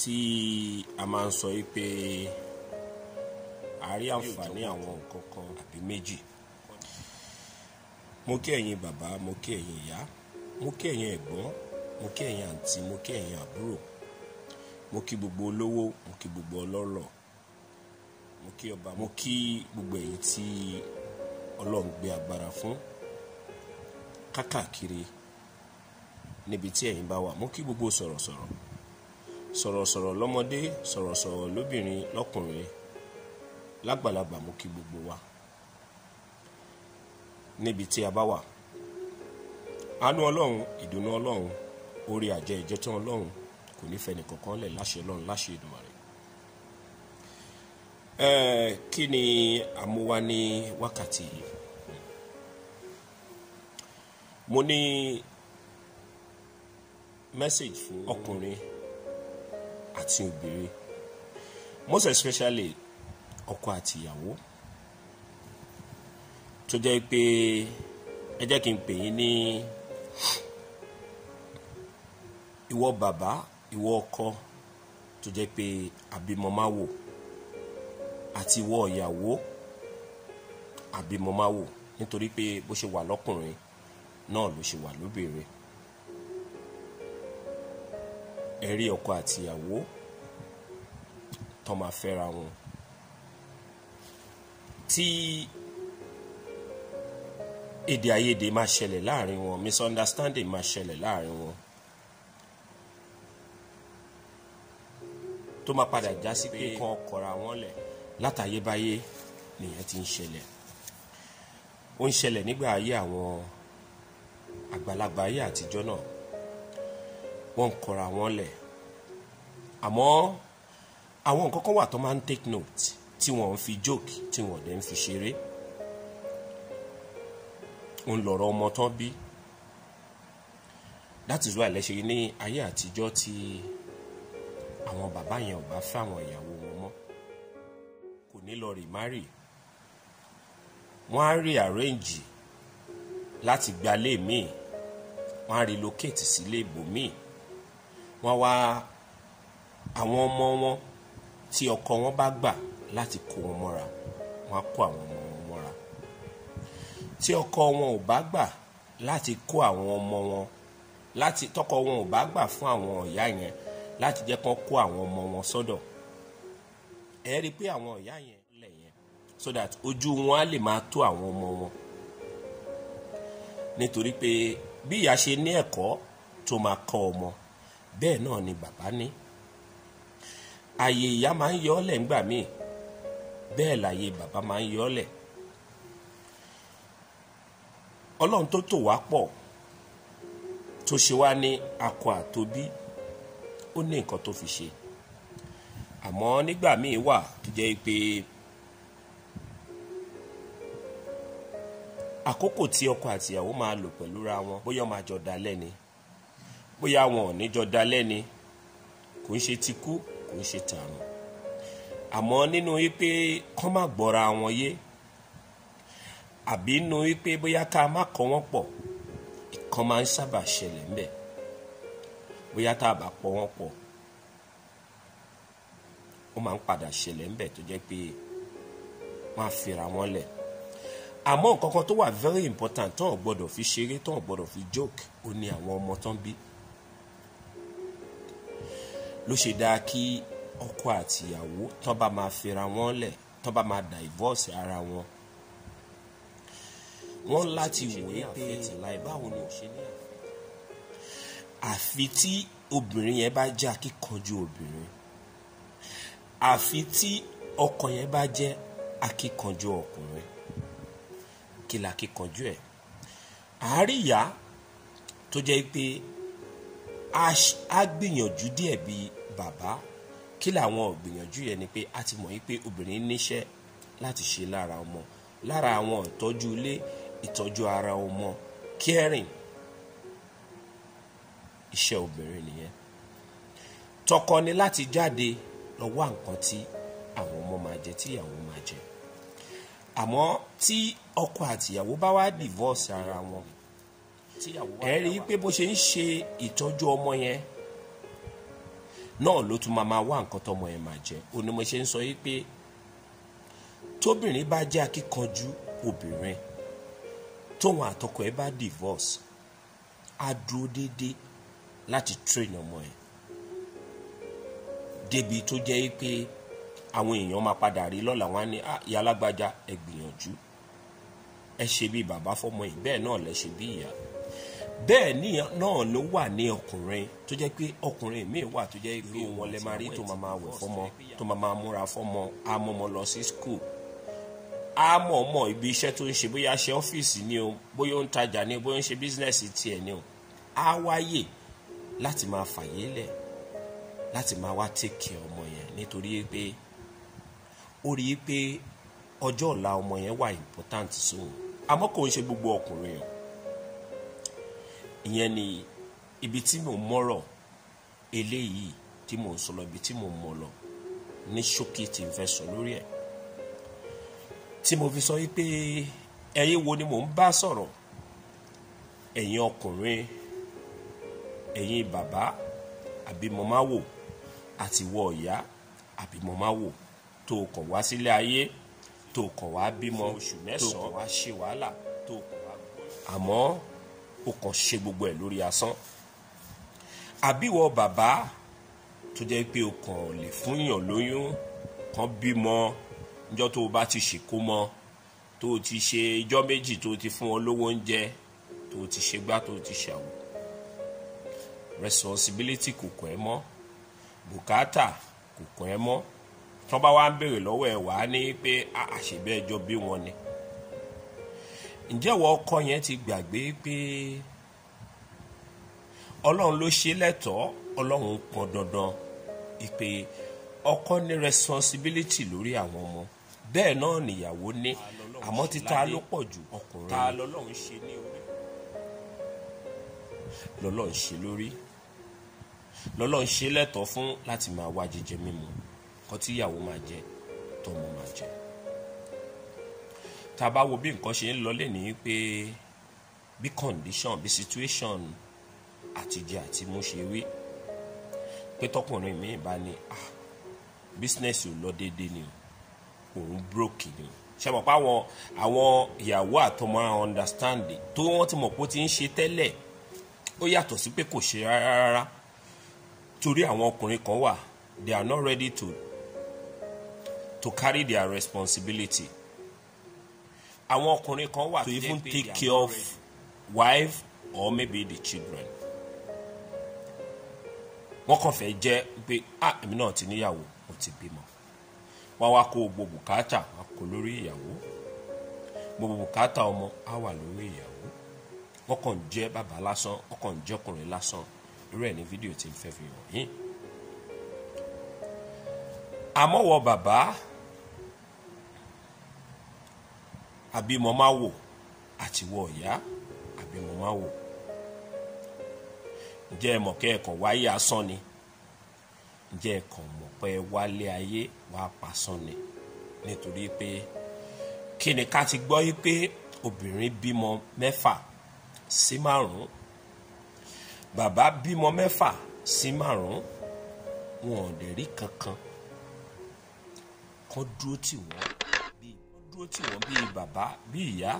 tí a máa ń sọ yìí pé a rí àǹfààní àwọn nǹkan kan àbí méjì mo kí ẹ̀yin bàbá mo kí ẹ̀yin ìyá mo kí ẹ̀yin ẹ̀gbọ́n mo kí ẹ̀yin àǹtí mo kí ẹ̀yin àbúrò mo kí gbogbo olówó mo kí gbogbo ọlọ́rọ̀ mo kí ọba mo kí gbogbo ẹ̀yin tí ọlọ́run gbé agbára fún kákàkiri níbi tí ẹ̀yin bá wà mo kí gbogbo sọ̀rọ̀sọ̀rọ̀ sọ̀rọ̀sọ̀rọ̀ lọ́mọdé sọ̀rọ̀sọ̀rọ̀ lóbìnrin lọ́kùnrin lágbàlagbà mo kí gbogbo wa níbi tí a bá wà àánú ọlọ́run ìdùnnú ọlọ́run orí àjẹ ìjẹtán ọlọ́run kò ní fẹ́ nìkankan lẹ̀ láṣẹ ọlọ́run láṣẹ Èdùmàrè ẹ̀ẹ́ kí ni àmúwá ní wákàtí yìí mo ní message fún ọkùnrin. Mm -hmm àti obìnrin most especially ọkọ àti ìyàwó tó jẹ́ pé ẹ jẹ́ kí n pè yín ní ìwọ bàbá ìwọ ọkọ tó jẹ́ pé àbímọmáwò àti ìwọ ìyàwó àbímọmáwò nítorí pé bó ṣe wà lọ́kùnrin náà ló ṣe wà lóbìnrin ẹ̀rí ọkọ àti ìyàwó tó máa fẹ́ra wọn tí èdè àìyedè máa ṣẹlẹ̀ láàrin wọn misunderstanding máa ṣẹlẹ̀ láàrin wọn tó máa padà já sí pé kàn kọra wọn lẹ̀ látàyébáyé nìyẹn ti ń ṣẹlẹ̀ ó ń ṣẹlẹ̀ nígbà ayé àwọn àgbàlagbà ayé àtijọ́ náà wọ́n ń kọra wọn lẹ̀ àmọ́ àwọn nǹkan kan wà tó máa ń take note tí wọ́n ń fi joke tí wọ́n dẹ̀ ń fi ṣeré ń lọ̀rọ̀ ọmọ tán bí that is why lẹ́sẹ̀ ní ayé àtijọ́ tí àwọn bàbá yẹn ò bá fẹ́ àwọn ìyàwó wọn mọ́ kò ní lọ remarry wọ́n á rí arrange láti gbalé míì wọ́n á relocate sílé ibòmíì. Si wọ́n wá àwọn ọmọ wọn tí ọkọ wọn bá gbà láti kó wọn mọ́ra wọ́n á kó àwọn ọmọ wọn mọ́ra tí ọkọ wọn ò bá gbà láti kó àwọn ọmọ wọn láti tọkọ wọn ò bá gbà fún àwọn ìyá yẹn láti jẹ́ kán kó àwọn ọmọ wọn sọ́dọ̀ ẹ rí i pé àwọn ìyá yẹn lẹ̀ yẹn so that ojú wọn á lè máa tó àwọn ọmọ wọn nítorí pé bí ìyá ṣe ní ẹ̀kọ́ tó máa kọ́ ọmọ bẹ́ẹ̀ náà ni bàbá ní àyè ìyá máa ń yọ ọ́ lẹ̀ ńgbà míì bẹ́ẹ̀ láyè bàbá máa ń yọ ọ́ lẹ̀ ọlọ́run tó tò wá pọ̀ tó ṣe wá ní akọ àtòbí ó ní nǹkan tó fi ṣe àmọ́ nígbà míì wà tó jẹ́ pé àkókò tí ọkọ àtìyàwó máa lò pẹ̀lúra wọn bóyá máa jọ dalẹ́ ni bóyá wọn ò níjọ da lẹ́ni kò ń ṣe ti kú kò ń ṣe tààrùn àmọ́ nínú wípé kán má gbọ́ra wọn yé àbí nínú wípé bóyá ká má kọ́ wọn pọ̀ ìkan máa ń sábà ṣẹlẹ̀ ńbẹ̀ bóyá tá a bá pọ̀ wọn pọ̀ ó máa ń padà ṣẹlẹ̀ ńbẹ̀ tó jẹ́ pé wọ́n á fira wọn lẹ̀ àmọ́ nǹkan kan tó wà very important tó ò gbọ́dọ̀ fi ṣeré tó ò gbọ́dọ̀ fi joke ó ní àwọn ọmọ tán bí ló ṣe dáa kí ọkọ àti ìyàwó tó bá máa fira wọn lẹ̀ tó bá máa divorce ara wọn wọ́n láti wòye pé báwo ni ò ṣe ní àfi tí obìnrin yẹn bá jẹ́ akíkanjú obìnrin àfi tí ọkọ yẹn bá jẹ́ akíkanjú ọkùnrin kí la kíkanjú ẹ̀ àárí ìyá tó jẹ́ pé á gbìyànjú díẹ̀ bí bàbá kí làwọn gbìyànjú yẹn ni pé a ti mọ̀ yí pé obìnrin níṣẹ́ láti ṣe lára ọmọ lára àwọn ìtọ́jú ilé ìtọ́jú ara ọmọ kẹrin iṣẹ́ obìnrin nìyẹn tọkọ ni láti jáde lọ wá nǹkan tí àwọn ọmọ máa jẹ tí ìyàwó máa jẹ àmọ́ tí ọkọ àtìyàwó bá wá divorce ara wọn ẹ rí i pé bó ṣe ń ṣe ìtọ́jú ọmọ yẹn náà ló tún máa máa wá nǹkan tọmọ yẹn máa jẹ ó ń sọ yìí pé tóbìnrin bá jẹ́ akíkanjú obìnrin tóun àtọkọ ẹ̀ bá divorce á dúró déédéé láti train ọmọ ẹ̀ débi tó jẹ́ pé àwọn èèyàn máa padà rí lọ́la wọn á ní ah, ìyá alágbájá ẹ gbìyànjú ẹ ṣe bí bàbá fọmọ yìí bẹ́ẹ̀ náà lẹ ṣe bí ìyá bẹ́ẹ̀ ni náà ló wà ní ọkùnrin tó jẹ́ pé ọkùnrin míì wà tó jẹ́ pé wọn lè máa rí tó máa máa wẹ̀ fọ́mọ tó máa máa múra fọ́mọ amọ̀mọ̀ lọ sí school amọ̀mọ̀ ibi iṣẹ́ tó ń ṣe bóyá ṣe ọ́fíìsì ni o bóyá ó ń tajà ni o bóyá ó ń ṣe bísínẹ́sì tiẹ̀ ni o á wáyè láti máa fàyè lẹ̀ láti máa wá tèkè ọmọ yẹn nítorí pé ó rí i pé ọjọ́ ọ̀la ọmọ yẹn wà important sóun àmọ́ kò ń ṣe gbogbo ọkùnrin o ìyẹn ni ibi tí mò ń mọ̀rọ̀ eléyìí tí mò sọ lọ ibi tí mò mọ̀ lọ ní ṣókí tí n fẹ́ sọ lórí ẹ̀ tí mo fi sọ wípé ẹ̀yin wo ni mò ń bá sọ̀rọ̀ ẹ̀yin ọkùnrin ẹ̀yin bàbá àbí màmá wò àti wọ ọ̀yá àbí màmá wò tó o kàn wá sílé ayé tó o kàn wá bímọ oṣù mẹ́sàn-án tó o kàn wá ṣe wàhálà tó o kàn wá. àmọ́ ó kàn ṣe gbogbo ẹ̀ lórí asán àbíwọ bàbá tó jẹ́ pé o kàn lè fún yàn lóyún kan bímọ níjọ́ tó o bá ti ṣìkó mọ tó o ti ṣe ijọ́ méjì tó o ti fún wọn lówó oúnjẹ tó o ti ṣe gbá tó o ti ṣàwò responsibility kò kàn ẹ́ mọ́ bùkátà kò kàn ẹ́ mọ́ tí wọ́n bá wá ń béèrè lọ́wọ́ ẹ̀ wá ní pé ah, àṣebẹ́ ẹjọ́ bí wọn ni ǹjẹ́ ìwọ ọkọ yẹn ti gbàgbé pé ọlọ́run ló ṣe lẹ́tọ̀ọ́ ọlọ́run pọn dandan ìpè ọkọ ní responsibility lórí àwọn ọmọ bẹ́ẹ̀ náà nìyàwó ní àmọ́ títa ló pọ̀ ju ọkùnrin ta lọ́lọ́run ṣe ní orí lọ́lọ́run ṣe lórí lọ́lọ́run ṣe lẹ́tọ̀ọ́ fún láti máa wá jíjẹ mímu kọtíyàwó máa jẹ tọmọ máa jẹ tá a bá wo bí nǹkan ṣe ń lọ lẹ́ni pé bí condition bí situation àtijẹ àti mo ṣe wí pé tọkùnrin mi bá ní ah business ò lọ déédéé ni òun broke ni ṣe mọ̀ pé àwọn àwọn ìyàwó àtọmọ understand tó wọ́n ti mọ̀ pé ó ti ń ṣe tẹ́lẹ̀ ó yàtọ̀ sí pé kò ṣe rárá rárá torí àwọn ọkùnrin kan wà they are not ready to to carry their responsibility àwọn ọkùnrin kan wà tó even take care of wife or maybe the children wọ́n kàn fẹ́ jẹ́ pé ah èmi náà ti níyàwó mo ti bímọ wọ́n wá kó gbogbo bùkátà wọ́n kó lórí ìyàwó gbogbo bùkátà ọmọ á wà lórí ìyàwó wọ́n kàn jẹ́ bàbá lásán wọ́n kàn jẹ́ ọkùnrin lásán irú ẹ̀ ní fídíò tí n fẹ́ fi hàn yín àmọ́wọ́ bàbá àbí mo máa wò àtiwọ ọ̀yá àbí mo máa wò ǹjẹ́ ẹ mọ̀ kẹ́ ẹ̀kọ́ wáyé asán ni ǹjẹ́ ẹ̀kọ́ mọ̀ pé wálé ayé wàá pasán ni nítorí pé kí ni ká ti gbọ́ yí pé obìnrin bímọ mẹ́fà sí márùn-ún bàbá bímọ mẹ́fà sí márùn-ún wọn ò dẹ̀ rí kankan kan dúró tì wọ́n dúró tì wọ́n bíi bàbá bíi ìyá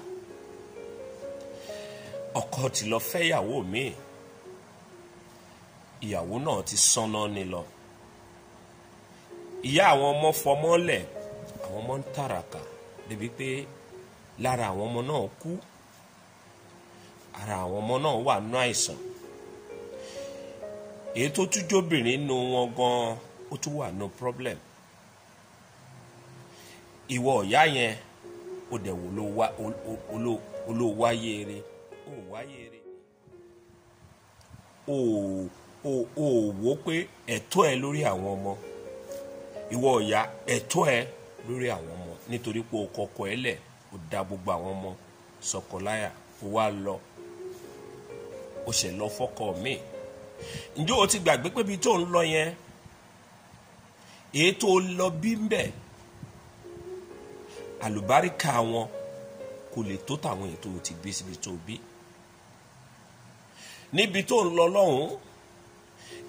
ọkọ ti lọ fẹ́yàwó míì ìyàwó náà ti sanná ni lọ ìyá àwọn ọmọ fọmọ́lẹ̀ àwọn ọmọ ń tàràkà débi pé lára àwọn ọmọ náà kú ara àwọn ọmọ náà wà nú àìsàn èyí tó tún jóbìnrin nu wọn gan ó tún wà nú problem ìwọ ìyá yẹn ó dẹ̀ wò ló wáyé eré ó wáyé eré ó ó ó wò pé ẹ̀tọ́ ẹ lórí àwọn ọmọ ìwọ ìyá ẹ̀tọ́ ẹ lórí àwọn ọmọ nítorí pé o kọkọ ẹ lẹ̀ o da gbogbo àwọn ọmọ sọkọláyà o wá lọ o ṣẹ̀ lọ fọ́kọ mi ǹjẹ́ o ti gbàgbé pé ibi tó ń lọ yẹn èyí tó lọ bí ń bẹ̀ àlùbáríkà wọn kò lè tó tàwọn èyí tó ti bí síbi tó bí níbi tó ń lọ lọ́hùn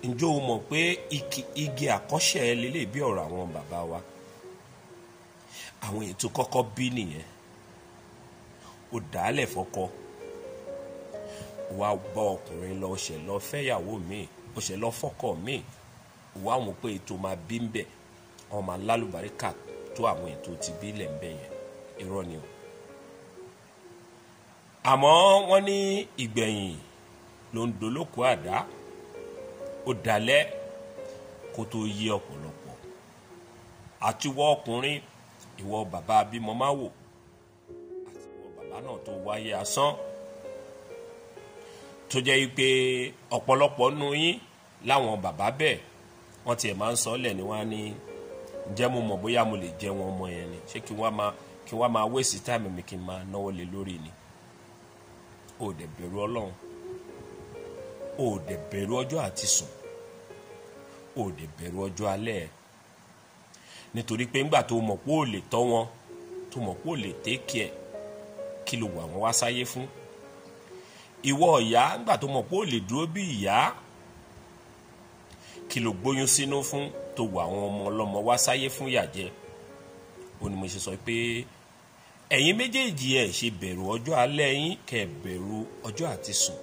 ǹjọ́ o mọ̀ pé igi àkọ́ṣẹ́ lélẹ̀ bí ọ̀rọ̀ àwọn bàbá wa àwọn èyí tó kọ́kọ́ bí nìyẹn ó dàálẹ̀ fọ́kọ wá bá ọkùnrin lọ ṣẹ̀ lọ fẹ́yàwó míì ó lọ fọ́kọ míì wá wọn pé ètò máa bí ń bẹ̀ ọmọ alálùbáríkà tó àwọn ètò ti bílẹ̀ ń bẹ̀ yẹn irọ́ ni o àmọ́ wọ́n ní ìgbẹ̀yìn ló ń dolóko àdá ó dalẹ̀ kó tó yé ọ̀pọ̀lọpọ̀ àtiwọ́ ọkùnrin ìwọ bàbá abímọ máa wò àtiwọ́ bàbá náà tó wáyé asán tó jẹ́ pé ọ̀pọ̀lọpọ̀ nù yín láwọn bàbá bẹ́ẹ̀ wọ́n tiẹ̀ máa ń sọ ọ́ lẹ̀ ni wọ́n á ní. Ni ǹjẹ́ mo mọ̀ bóyá mo lè jẹ wọn ọmọ yẹn ni ṣé kí wọ́n máa kí wọ́n máa wéèsì táìmù mi kí n máa náwó lé lórí ni o ò dẹ̀ bẹ̀rù ọlọ́run o ò dẹ̀ bẹ̀rù ọjọ́ àti sùn o ò dẹ̀ bẹ̀rù ọjọ́ alẹ́ nítorí pé ńgbà tó mọ̀ pé ò lè tọ́ wọn tó mọ̀ pé ò lè tẹ́kì ẹ̀ kí ló wà wọ́n wá sáyé fún ìwọ ìyá ńgbà tó mọ̀ pé ò lè dúró bí ìyá kí ló gbóyún sínú fún tó wọ àwọn ọmọ ọlọ́mọ wá sáyé fún yàjẹ́ ó ní mo ṣe sọ pé ẹ̀yin méjèèjì ẹ̀ ṣe bẹ̀rù ọjọ́ alẹ́ yín kẹ̀ bẹ̀rù ọjọ́ àti sùn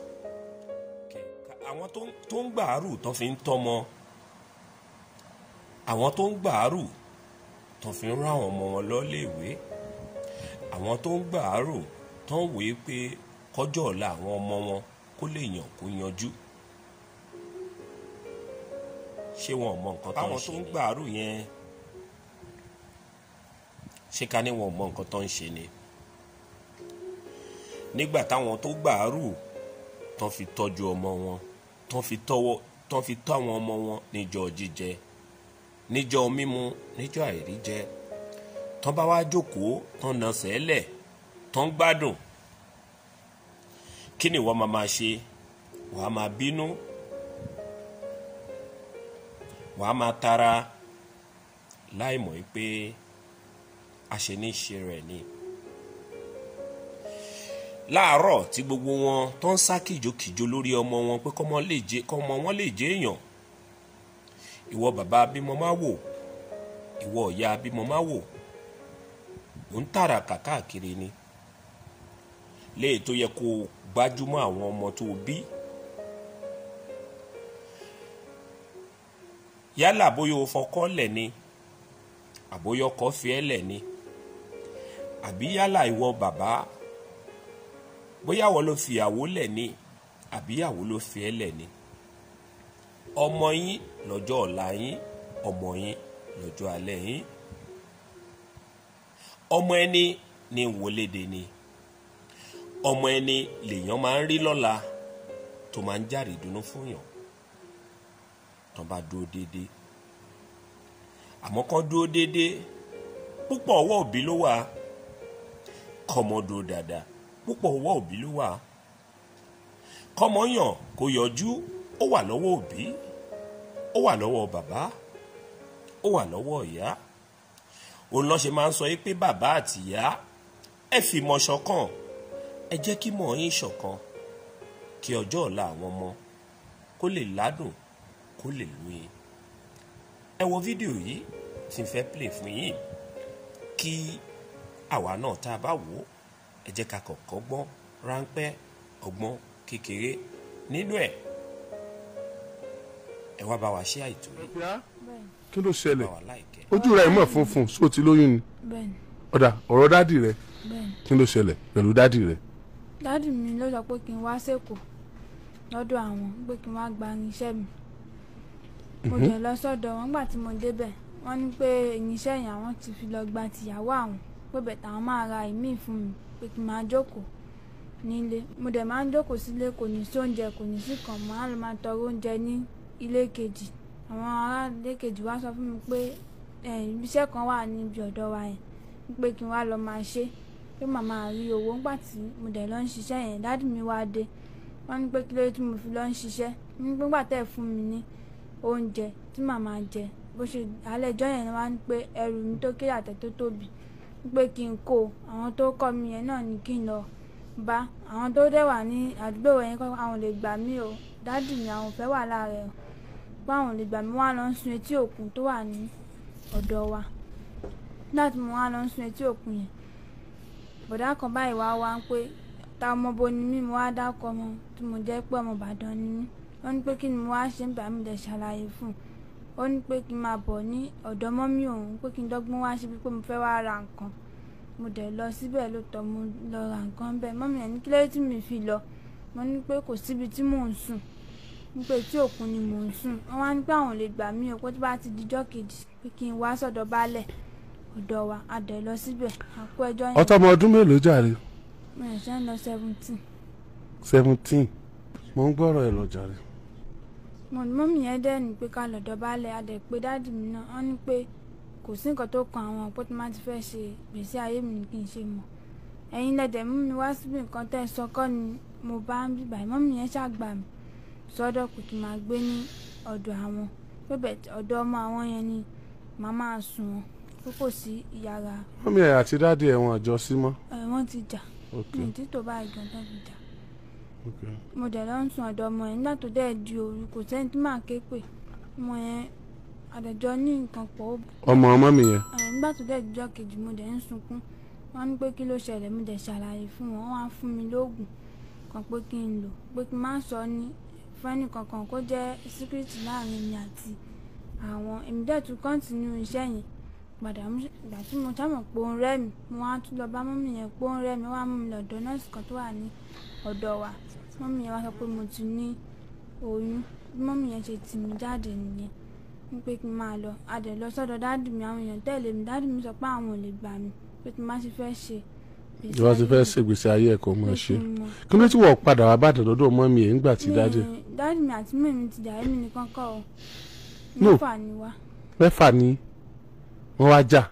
àwọn tó ń gbàárù tó fi ń tọ́mọ àwọn tó ń gbàárù tó fi ń rán àwọn ọmọ wọn lọ́lẹ́wé àwọn tó ń gbàárù tó ń wòye pé kọjọ́ ọ̀la àwọn ọmọ wọn kó lè yàn kó yanjú ṣé wọn ò mọ nǹkan tó ń ṣe báwọn tó ń gbàrú yẹn ṣé ká ní wọn ò mọ nǹkan tó ń ṣe ni nígbà táwọn tó gbàrú tán fi tọ́jú ọmọ wọn tán fi tọ́wọ́ tán fi tọ́ àwọn ọmọ wọn níjọ́ jíjẹ níjọ́ mímu níjọ́ àìríjẹ tán bá wá jókòó tán nà sẹ́lẹ̀ tán gbádùn kí ni wọ́n máa máa ṣe wàá máa bínú wàá máa tara láìmọ̀ pé aṣeníṣe rẹ̀ ni. láàárọ̀ tí gbogbo wọn tó ń sá kìjokìjo lórí ọmọ wọn pé kọ́mọ wọn lè jẹ́ èèyàn ìwọ bàbá bímọ máa wò ìwọ ìyá bímọ máa wò ò ń tàràkà káàkiri ni léè tó yẹ kó gbájúmọ́ àwọn ọmọ tó bí. yálà bóyá o fọkọ ni àbóyá ọkọ fi ni àbí yálà ìwọ bàbá bóyá ìwọ ló fi ìyàwó ni àbí ìyàwó ló fi ẹ́ ni ọmọ yín lọ́jọ́ ọ̀la yín ọmọ yín lọ́jọ́ alẹ́ yín ọmọ ẹni ni wòlédè ni ọmọ ẹni lèèyàn máa ń rí lọ́la tó máa ń jàre dùnnú fún yàn tó bá dúró déédé àmọ́ kán dúró déédé púpọ̀ ọwọ́ òbí ló wà kọ́mọ dúró dáadáa púpọ̀ ọwọ́ òbí ló wà kọ́mọ yàn kó yọjú ó wà lọ́wọ́ òbí ó wà lọ́wọ́ bàbá ó wà lọ́wọ́ ìyá òun lọ́ ṣe máa ń sọ yìí pé bàbá àtìyá ẹ fi mọ̀ ṣọ̀kan ẹ jẹ́ kí mọ̀ yín ṣọ̀kan kí ọjọ́ ọ̀la àwọn ọmọ kó lè ládùn kó lè lóye ẹ wo fídíò yìí tí n fẹ́ play fún yín kí àwa náà tá a bá wò ó ẹ jẹ́ ká kọ́kọ́ gbọ́ ráńpẹ́ ọgbọ́n kékeré nínú ẹ̀ ẹ wá bá wa ṣe àìtó yìí. kí ló ṣẹlẹ̀ ojú rẹ̀ mọ̀ funfun só ti lóyún ni ọ̀dà ọ̀rọ̀ dádì rẹ̀ kí ló ṣẹlẹ̀ pẹ̀lú dádì rẹ̀. dádì mi ló sọ pé kí n wá sẹ́kọ̀ọ́ lọ́dọ̀ àwọn pé kí n wá gba irinṣẹ́ mi mo mhm. dẹ̀ lọ sọ́dọ̀ wọn nígbà tí mo débẹ̀ wọ́n ní pé irinṣẹ́ yẹn àwọn ti fi lọ gba tìyàwó àwọn pé bẹ̀tẹ̀ àwọn máa ra ìmíì fún mi pé kí n máa jókòó nílé mo dẹ̀ máa ń jókòó sílé kò ní sí oúnjẹ kò ní sí kan màá lọ máa tọrọ oúnjẹ ní ilé kejì àwọn ará ilé kejì wá sọ fún mi pé iṣẹ́ kan wà níbi ọ̀dọ̀ wa yẹn pé kí n wá lọ máa ṣe pé màmá rí owó ńgbà tí mo dẹ̀ lọ ń ṣiṣẹ́ yẹn dádì mi wá dé wọ́n ní pé kí ló tí mo fi lọ ń ṣiṣẹ́ nígbà tẹ̀ fún mi ní oúnjẹ tí màmá jẹ bó ṣe alẹ́ ìjọ yẹn wá ń pé ẹrù mi tó kéré àtẹ tó tóbi pé kí n kó àwọn tó kọ́ mi yẹn náà ní kí n lọ bá àwọn tó dẹ̀ wà ní àdúgbò yẹn kọ́ àwọn lè gbà mí o dádì mi àwọn fẹ́ wà láàrẹ̀ o pé àwọn lè gbà mí wá lọ sun etí òkun tó wà ní ọ̀dọ̀ wa nígbà tí mo wá lọ sun etí òkun yẹn bọ̀dá kan báyìí wá wá ń pé ta ọmọ bo ni mí mo wá dákọ̀ ọmọ tí mo jẹ́ pé ọmọ Ìbàdàn ni mí ó ní pé kí ni mo wá ṣe ń bá mi dẹ̀ ṣàlàyé fún un ó ní pé kí n máa bọ̀ ní ọ̀dọ̀ mọ́mí òun pé kí n dọ́gbọ́n wá ṣe bí pé mo fẹ́ wá ra nǹkan mo dẹ̀ lọ síbẹ̀ ló tọ́ mo lọ ra nǹkan bẹ́ẹ̀ mọ́mí ẹ̀ ní kílẹ̀ tí mi fi lọ mo ní pé kò síbi tí mò ń sùn ní pé tí òkun ni mò ń sùn wọ́n wá ní pé àwọn ò lè gbà mí o pé tó bá ti dijọ́ kejì pé kí n wá sọ̀dọ̀ baálẹ̀ ọ̀dọ̀ wa a dẹ̀ lọ síbẹ̀ a kó ẹjọ́ yẹn. ọtọmọ ọdún mélòó jàre. mi ò ṣe ń lọ seventeen. seventeen mo ń gbọ́rọ̀ ẹ̀ lọ jàre mọ̀mí yẹn dẹ̀ ní pé ká lọ dọ̀bálẹ̀ a dẹ̀ pé dáàdì mi náà wọ́n ní pé kò sí nǹkan tó kan àwọn pé tí má ti fẹ́ ṣe gbèsè ayé mi kì í ṣe mọ̀ ẹ̀yin lẹ́dẹ̀ mú mi wá síbi nǹkan tẹ́ ẹ sọ kọ́ ni mo bá ń bíbà mọ̀mí yẹn ṣàgbà mi sọ́dọ̀ kò kì máa gbé ní ọ̀dọ̀ àwọn pẹ̀bẹ̀ ọ̀dọ̀ ọmọ àwọn yẹn ni màá máa sùn wọn tó kò sí ìyára. mọ̀mí ẹ̀ àti dáàdì ẹ̀ wọn àjọ sí mọ́. ẹ̀ wọ́n ti jà ní ìdí tó bá ìgbọ̀ntàn ti jà mo dẹ̀ lọ ń sun ọ̀dọ̀ ọmọ yẹn nígbà tó dẹ̀ di òru kò sẹ́ni tí màá ké pè ọmọ yẹn àdẹ̀jọ ní nǹkan pọ̀ ó. ọmọ ọmọ mi yẹn. nígbà tó dẹ̀ dijọ́ kejì mo dẹ̀ ń sunkún wọ́n ní pé kí ló ṣẹlẹ̀ mo dẹ̀ ṣàlàyé fún wọn wọ́n á fún mi lóògùn kan pé kí n lò pé kí n má sọ ní fẹ́ni kankan kó jẹ́ síkírìtì láàrin mi àti àwọn èmi dẹ̀ tún kọ́ńtínú iṣẹ́ yẹn padà ìgbà tí mo sábà pò ń rẹ́ mi mo wá tún lọ bá mọ́mì yẹn pò ń rẹ́ mi wá mú mi lọ́dọ̀ nọ́ọ̀sì kan tó wà ní ọ̀dọ̀ wa mọ́mì yẹn wá sọ pé mo ti ní oyún bí mọ́mì yẹn ṣe tì mí jáde nìyẹn ní pé kí n máa lọ adẹ̀ lọ sọ́dọ̀ dáàdì mi àwọn èèyàn tẹ̀lé mi dáàdì mi sọ pé àwọn ò lè gbà mí pé kí n má ṣe fẹ́ ṣe tí wọ́n ti fẹ́ ṣègbèsè ayé ẹ̀kọ́ mọ̀ ṣe kí ló ti wọ̀ padà wá bàdàn lọ́dọ̀ mọ́ mi èyí gbà tí dájú. dájú mi àti mẹ́mi ti jà èmi nìkan kọ́ ọ mẹ́fà ni wá. mẹ́fà ni wọ́n wá jà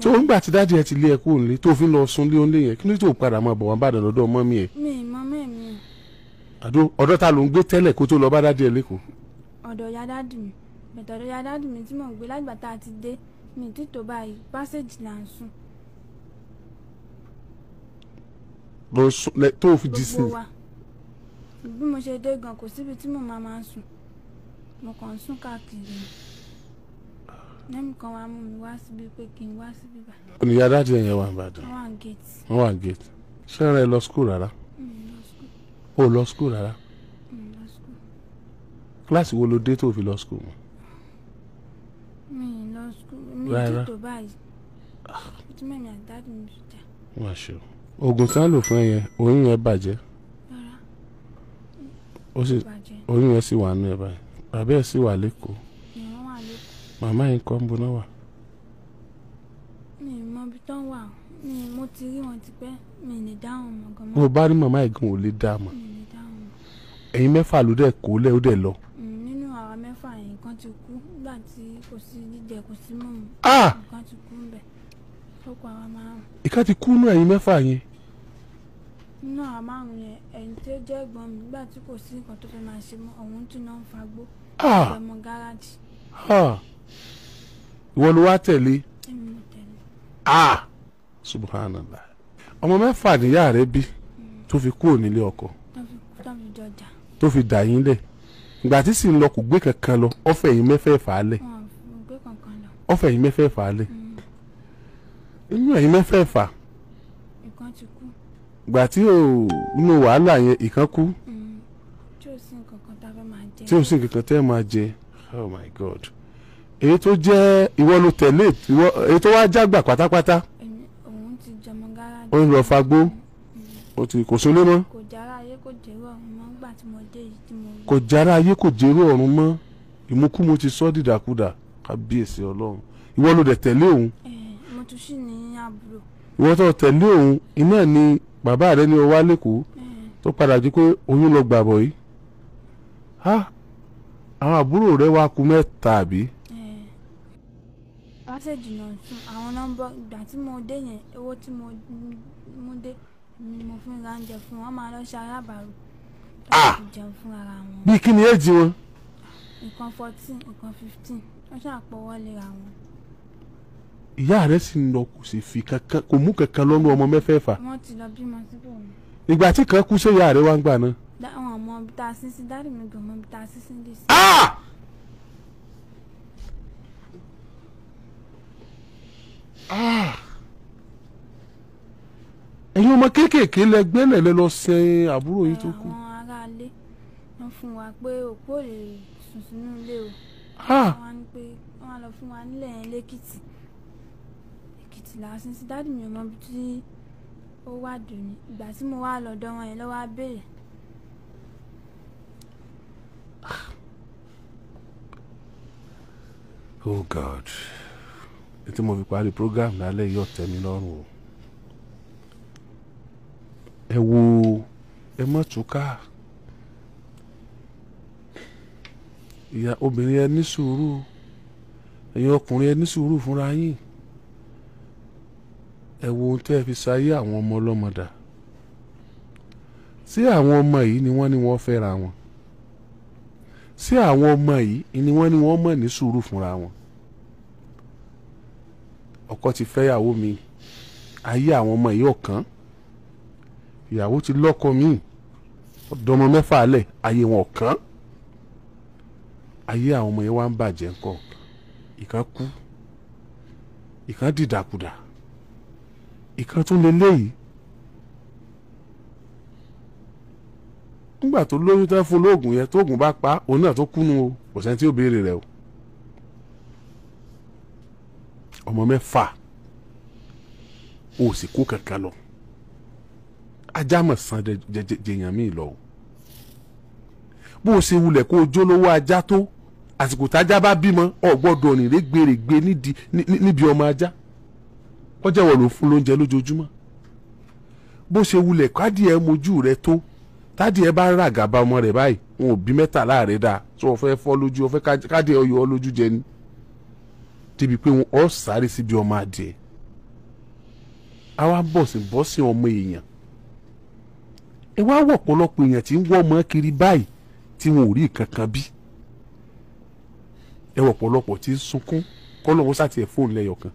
tí wọ́n gbà tí dájú ẹ ti lé ẹ kúrò nílé tó fi lọ sùn lé oúnjẹ yẹn kí ló ti wọ̀ padà máa bọ̀ wá bàdàn lọ́dọ̀ mọ́ mi mi àdó ọ̀dọ́ ta ló ń gbé tẹ́lẹ̀ kó tó lọ bá dádì ẹ̀ lẹ́kọ̀ọ́. ọ̀dọ̀ ya dádì mi bẹ̀tẹ̀ ọ̀dọ̀ ya dádì mi tí mò ń gbé lágbà tá a ti dé mi tí báyìí pásẹ̀jì là ń sùn. lọ sùn tó fi jí sí. bí mo ṣe dé gan kò síbi tí mo máa máa sùn mo kàn ń sùn káàkiri nẹ́mìkan wa mú mi wá síbi pé kí n wá síbi bá. ìyá dádì yẹn wà ń bàdàn. wọ́n wà ń gate. wọ́n wà ń gate. ṣé ẹ rẹ lọ school rárá. Mm-hmm o lọ school rárá kíláàsì wo ló dé tó fi lọ school mọ́. mi ì lọ school mi ì dé tó báyìí tí mẹ́mi àdáàdì mi fi jà. wàá ṣe oògùn tí wọ́n lò fún ẹ yẹn oyún yẹn bàjẹ́ ó sì oyún yẹn sì wà nù ẹ báyìí bàbá ẹ sì wà lẹ́kọ̀ọ́ màmá yẹn kọ́ ń bo náà wà. mi ì mọ ibi tó ń wà mi mo ti rí wọn ti pẹ́ mi ì lè dáhùn mọ̀ gan-an. mo bá rí màmá yìí gan ò lè dá a mọ̀. Mm ẹ̀yin mẹ́fà ló dẹ̀ kó lẹ́ ó dẹ̀ lọ. Mm, nínú àwa mẹ́fà yẹn kan ti kú nígbà tí kò sí jíjẹ kò sí mọ́ ah! nǹkan ti kú ńbẹ̀ ó kọ àwa márùn. ìkan ti kú nú ẹ̀yin mẹ́fà yẹn. nínú àwa márùn yẹn ẹ̀yin tó jẹ́ ẹ̀gbọ́n mi nígbà tí kò sí nǹkan tó fẹ́ máa ṣe mọ́ ọ̀hún tún náà ń fagbó ah! ọmọ gáràjì. Ah! ìwọ ló wá tẹ̀lé. subhanallah ọmọ mẹ́fà níyà rẹ bí mm. tó fi kúrò nílé ọkọ. tó fi jọjà tó fi dà yín lẹ̀ ìgbà tí sì ń lọ kò gbé kankan lọ ọ̀fẹ́ yìí mẹ́fẹ̀ẹ̀fà lẹ̀ ọ̀fẹ́ yìí mẹ́fẹ̀ẹ̀fà lẹ̀ mm. inú ẹ̀yìn mẹ́fẹ̀ẹ̀fà ìgbà tí ò nínú wàhálà yẹn ìkan kú mm. tí ò sí kankan tẹ́ máa jẹ oh my god èyí tó jẹ́ ìwọ ló tẹ̀lé èyí tó wá jágbà pátápátá ó ń lọ fagbó mm. kò sí lé mọ́ kò jára ayé kò jẹ́rú ọ̀run mọ́ ìmúkúmu ti sọ́ dìdàkudà kábíyèsí ọlọ́run ìwọ ló dẹ̀ tẹ̀lé òun. mo tún sì ní àbúrò. ìwọ tó tẹ̀lé òun iná ni bàbá rẹ ní ọwá lẹ́kọ̀ọ́ tó padà jí pé oyún lọ gbàbọ̀ yìí. ha àwọn àbúrò rẹ wá kù mẹ́ta àbí. wá ṣe jìnnà tún àwọn nọ́mbà ìgbà tí mo dé yẹn owó tí mo dé ni mo fi ń ra oúnjẹ fún wọn máa lọ ṣe alábàárò ah bí kí ni éèjì wọn. nǹkan fourteen nǹkan fifteen wọ́n ṣàpọ̀wọ́ lera wọn. ìyá rẹ̀ sì ń lọ kò sì fi kankan kò mú kankan lọ́nu ọmọ mẹ́fẹ̀ẹ̀fà. wọ́n ti lọ bímọ síbò mi. ìgbà tí kan kú sí ìyá rẹ̀ wá ń gbà náà. àwọn ọmọ ibi tá a sí sí dáàdì mi gbọ̀n mọ́ ibi tá a sí sí dé sí. ẹ̀yin ọmọ kéékèèké lẹ gbẹ́lẹ̀ lẹ lọ sin àbúrò yìí tó kù fún wa pé òkú ò lè sùn ilé o wọ́n á lọ fún wa nílẹ̀ yẹn lẹ́kìtì èkìtì sí dáàdì mi ò mọ tí ó wà dùn ìgbà tí mo wá lọ́dọ̀ wọn yẹn lọ́wọ́ á oh god ètò mo fi parí program lálẹ́ yìí ọ̀tẹ̀ mi lọ́rùn o ẹ wo ẹ mọ̀ tún káà. ìyá obìnrin ẹ ní sùúrù ẹ̀yin ọkùnrin ẹ ní sùúrù fúnra yín ẹ wo ohun tẹ́ ẹ fi ṣayé àwọn ọmọ ọlọ́mọ dà sí àwọn ọmọ yìí ni wọ́n ní wọ́n fẹ́ra wọn sí àwọn ọmọ yìí ni wọ́n ní wọ́n mọ̀ ní sùúrù fúnra wọn ọkọ ti fẹ́yàwó mi ayé àwọn ọmọ yìí ọ̀kan ìyàwó ti lọ́kọ mi ọ̀dọ́mọ mẹ́fà lẹ̀ ayé wọn ọ̀kan ayé àwọn ọmọ yẹn wá ń bàjẹ́ ńkọ́ ìkan kú ìkan dìdàkudà ìkan tún leléyìí nígbà tó lóyún tán fún olóògùn yẹn tóògùn bá pa òun náà tó kúnnu o kò sẹ́ni tí ó béèrè rẹ̀ o ọmọ mẹ́fà o sì kó kankan lọ ajá mọ̀ san jẹjẹyàn míì lọ o bó o ṣe wulẹ̀ kó o jólówó ajá tó àsìkò tájá bá bímọ ọ̀gbọ́dọ̀ rìn rẹ́gbẹ̀rẹ̀gbẹ̀ níbi ọmọ ajá wọ́n jẹ́wọ́ ló fún lóúnjẹ lójoojúmọ́ bó ṣe wulẹ̀ kádìẹ mojú rẹ tó tádìẹ bá ń ràgàbà ọmọ rẹ báyìí wọn ò bí mẹ́ta láàrẹ dáa tí wọ́n fẹ́ fọ́ lójú ọ̀fẹ́ kádìẹ ọyọ ọ lójú jẹ ni débi pé wọn ọ̀ sáré síbi ọmọ adìẹ àwa bọ̀sìn bọ́sìn ọmọ èèyàn ẹ wá wọ̀ ọ̀pọ̀lọpọ̀ èèyàn tí ń wọ́ ọmọ kiri báyìí tí wọn ò rí kankan bí ẹ wọ pọ̀lọpọ̀ tí ń sunkún kọlọwọ sá tiẹ̀ fóònù lẹ́yọ kan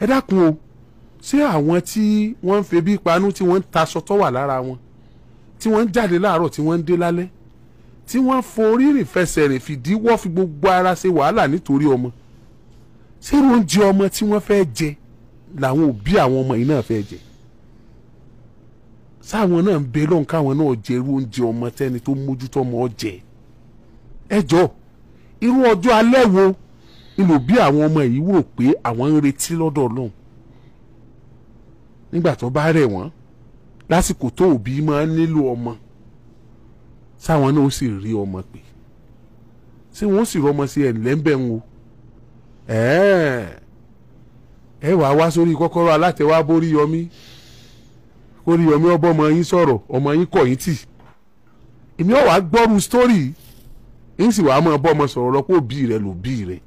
ẹ dákun o ṣé àwọn tí wọ́n ń febi panú tí wọ́n ń taṣọ tó wà lára wọn tí wọ́n ń jáde láàárọ̀ tí wọ́n ń dé lálẹ́ tí wọ́n forí rìn fẹsẹ̀ rìn fìdíwọ́ fi gbogbo ara ṣe wàhálà nítorí ọmọ ṣé oúnjẹ ọmọ tí wọ́n fẹ́ jẹ làwọn òbí àwọn ọmọ yìí náà fẹ́ jẹ sáwọn náà ń bẹ lọ́n káwọn náà jẹ irú oúnjẹ ọmọ tẹ́ni tó mójútó ọmọ jẹ ẹ jọ irú ọjọ́ alẹ́ wo ìlò bí àwọn ọmọ yìí wò pé àwọn ń retí lọ́dọ̀ Ọlọ́run nígbà tó bá rẹ̀ wọ́n lásìkò tó òbí máa ń nílò ọmọ sáwọn náà ó sì rí ọmọ pé tí wọ́n sì rọmọ sí ẹ̀ǹlẹ́ ń bẹ̀ ń wo ẹ wàá wá sórí kọ́kọ́rọ́ alátẹ̀wá borí yọmí Oríyọ̀mí ọbọmọ yín sọ̀rọ̀ ọmọ yín kọ̀ yín tì èmi ọ̀ wá gbọ́rù sítórì yín sì wàá máa bọ́mọ sọ̀rọ̀ pé òbí rẹ ló bí rẹ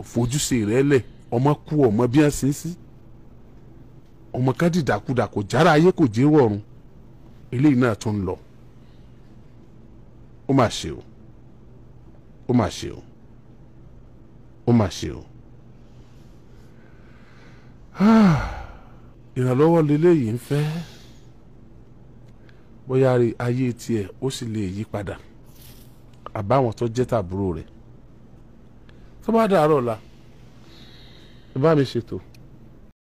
òfojúse rẹ lẹ̀ ọmọ kú ọmọ bí wọ́n ṣe ń sí ọmọ kan dìdàkudà kò jára ayé kò jẹ́ wọ̀run eléyìí náà tún ń lọ ó mà ṣe o ó mà ṣe o ó mà ṣe o. Ah. ìrànlọ́wọ́ leléyìí ń fẹ́ bóyá ayé tiẹ̀ ó sì lè yí padà àbáwọn tó jẹ́ tàbúrò rẹ̀ tó bá dàárọ̀ la ẹ bá mi ṣètò